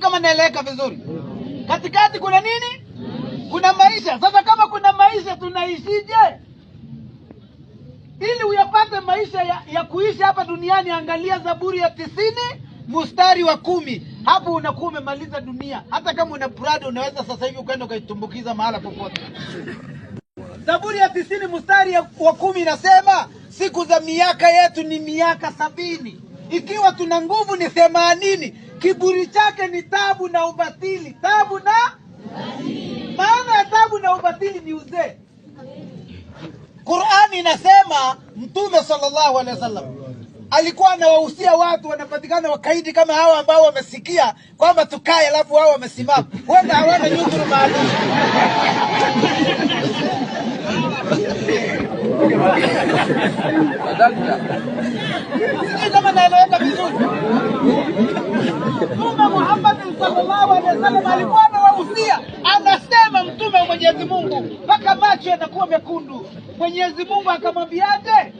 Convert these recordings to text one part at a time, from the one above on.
kama naeleweka vizuri? Katikati kuna nini? Kuna maisha. Sasa kama kuna maisha, tunaishije? Ili uyapate maisha ya, ya kuishi hapa duniani, angalia Zaburi ya tisini mstari wa kumi. Hapo unakuwa umemaliza dunia. Hata kama una Prado unaweza sasa hivi ukaenda ukaitumbukiza mahala popote. Zaburi ya tisini mstari wa kumi inasema siku za miaka yetu ni miaka sabini, ikiwa tuna nguvu ni themanini. Kiburi chake ni tabu na ubatili. Tabu na maana ya tabu na ubatili ni uzee. Qurani inasema Mtume sallallahu alaihi wasallam alikuwa anawahusia watu wanapatikana wakaidi kama hawa ambao wamesikia kwamba tukae, alafu wao wamesimama, huenda hawana nyudhuru maalum. sababu alikuwa Anasema mtume wa Mwenyezi Mungu mpaka macho yanakuwa mekundu. Mwenyezi Mungu akamwambiaje?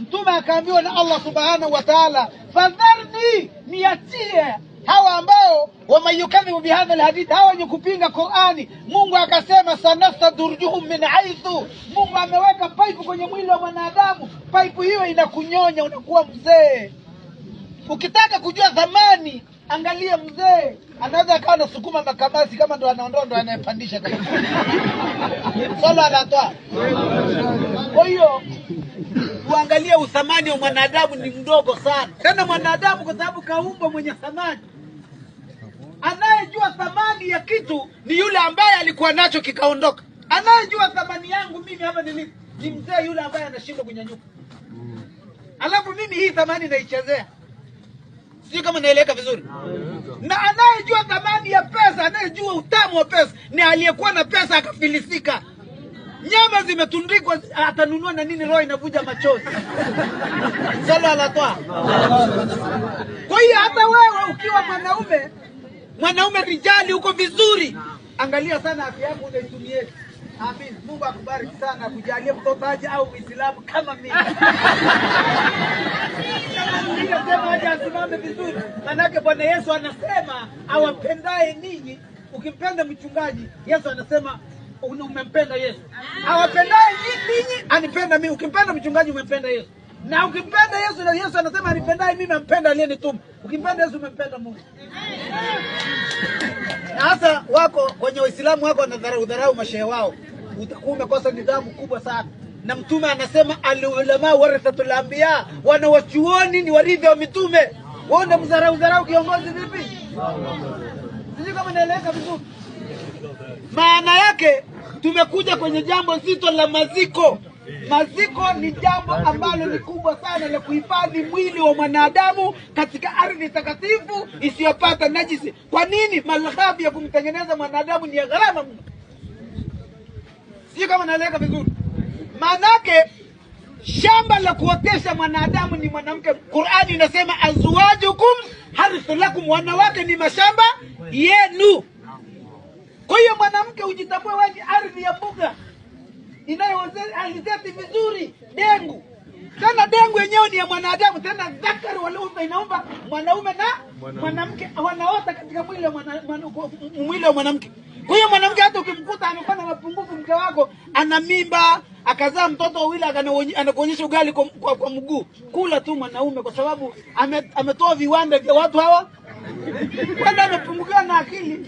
Mtume akaambiwa na Allah subhanahu wa taala, fadharni, niachie hawa ambao wamayukadhibu bihadha alhadith, hawa wenye kupinga Qurani. Mungu akasema sanastadrujuhum min aithu. Mungu ameweka paipu kwenye mwili wa mwanadamu, paipu hiyo inakunyonya, unakuwa mzee. Ukitaka kujua thamani Angalia mzee anaweza akawa anasukuma makabasi kama ndo anaondoa ndo anayepandisha tena anatoa. Kwa hiyo uangalie uthamani wa mwanadamu ni mdogo sana, tena mwanadamu kwa sababu kaumbwa mwenye thamani. Anayejua thamani ya kitu ni yule ambaye alikuwa nacho kikaondoka. Anayejua thamani yangu mimi hapa nilipo ni mzee yule ambaye anashindwa kunyanyuka, alafu mimi hii thamani naichezea. Sijui kama naeleweka vizuri. Na anayejua thamani ya pesa, anayejua utamu wa pesa ni aliyekuwa na pesa akafilisika. Nyama zimetundikwa, atanunua na nini? Roho inavuja machozi sala alatoa. Kwa hiyo hata wewe ukiwa mwanaume, mwanaume rijali, uko vizuri, angalia sana afya yako unaitumieje. Amin. Mungu akubariki sana, kujalie mtotaji au Muislamu kama mimi. Sema aje asimame vizuri, manake Bwana Yesu anasema awapendaye ninyi, ukimpenda mchungaji, Yesu anasema umempenda Yesu. Awapendaye ninyi anipenda mimi, ukimpenda mchungaji umempenda Yesu na ukimpenda Yesu na Yesu anasema anipendaye mimi nampenda aliyenituma. Ukimpenda Yesu umempenda Mungu. Na hasa wako kwenye Waislamu wako wanadharau dharau mashehe wao utakuwa umekosa nidhamu kubwa sana. Na Mtume anasema alulama warathatul anbiya, wana wachuoni ni warithi wa mitume. Wewe unamdharau dharau kiongozi vipi? Sijui kama naeleweka vizuri. Maana yake tumekuja kwenye jambo zito la maziko. Maziko ni jambo ambalo ni kubwa sana la kuhifadhi mwili wa mwanadamu katika ardhi takatifu isiyopata najisi. Kwa nini? Malighafi ya kumtengeneza mwanadamu ni ya gharama mno. Sijui kama naeleweka vizuri. Maanake shamba la kuotesha mwanadamu ni mwanamke. Qurani inasema azwajukum harithu lakum, wanawake ni mashamba yenu. Kwa hiyo mwanamke ujitambue, waje ardhi ya mbuga inayoalizeti vizuri dengu tena dengu yenyewe ni ya mwanadamu, tena dhakari wal inaumba mwanaume na mwanamke, wanaota katika mwili wa mwanamke. Huyo mwanamke hata ukimkuta amekuwa na mapungufu, mke wako ana mimba akazaa mtoto wawili, anakuonyesha ugali kwa, kwa, kwa mguu, kula tu mwanaume, kwa sababu ame, ametoa viwanda vya watu hawa, kwani amepungukiwa na akili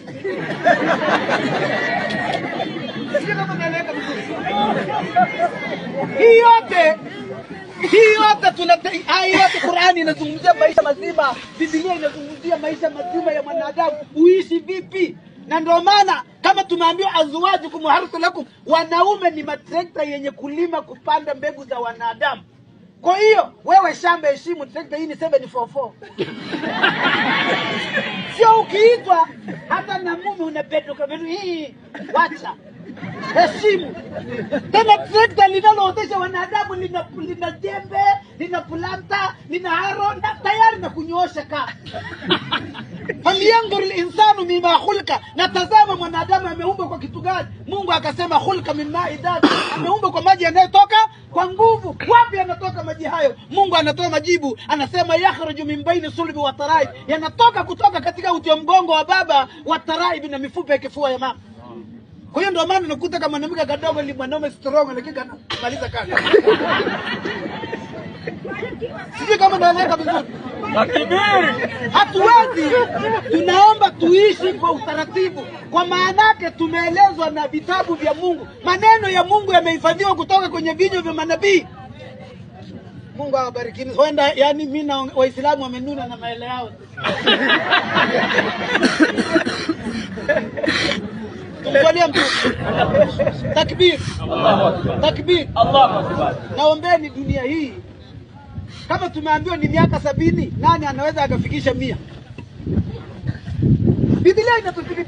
hii yote hii yote tunate hii yote Qur'ani inazungumzia maisha mazima, Biblia inazungumzia maisha mazima ya mwanadamu, uishi vipi? Na ndio maana kama tumeambiwa azwajukum harthu lakum, wanaume ni matrekta yenye kulima kupanda mbegu za wanadamu. Kwa hiyo wewe shamba heshimu trekta hii ni 744 sio ukiitwa hata na mume unapetuka hii, wacha heshimu tena. Trekta linalootesha wanadamu lina, lina jembe nina planta nina haro na tayari na kunyoosha kaa falyanzur linsanu mima hulka, natazama mwanadamu ameumbwa kwa kitu gani? Mungu akasema hulka mimma idadi, ameumbwa kwa maji yanayotoka kwa nguvu. Wapi yanatoka maji hayo? Mungu anatoa majibu, anasema yakhruju min baini sulbi wa taraib, yanatoka kutoka katika uti wa mgongo wa baba wa taraibi na mifupa ya kifua ya mama. Kwa hiyo ndio maana nakuta kama mwanamke kadogo ni mwanaume strong, lakini kanamaliza kaka Sijui kama naeleka vizuri. Hatuwezi, tunaomba tuishi kwa utaratibu, kwa maana yake tumeelezwa na vitabu vya Mungu. Maneno ya Mungu yamehifadhiwa kutoka kwenye vinywa vya manabii. Mungu awabariki. Huenda yani mimi na Waislamu wamenuna na maele yao Tumsalie mtu. Takbir. Takbir. Allahu Akbar. Naombeni dunia hii kama tumeambiwa ni miaka sabini, nani anaweza akafikisha mia? Biblia inatuthibitisha.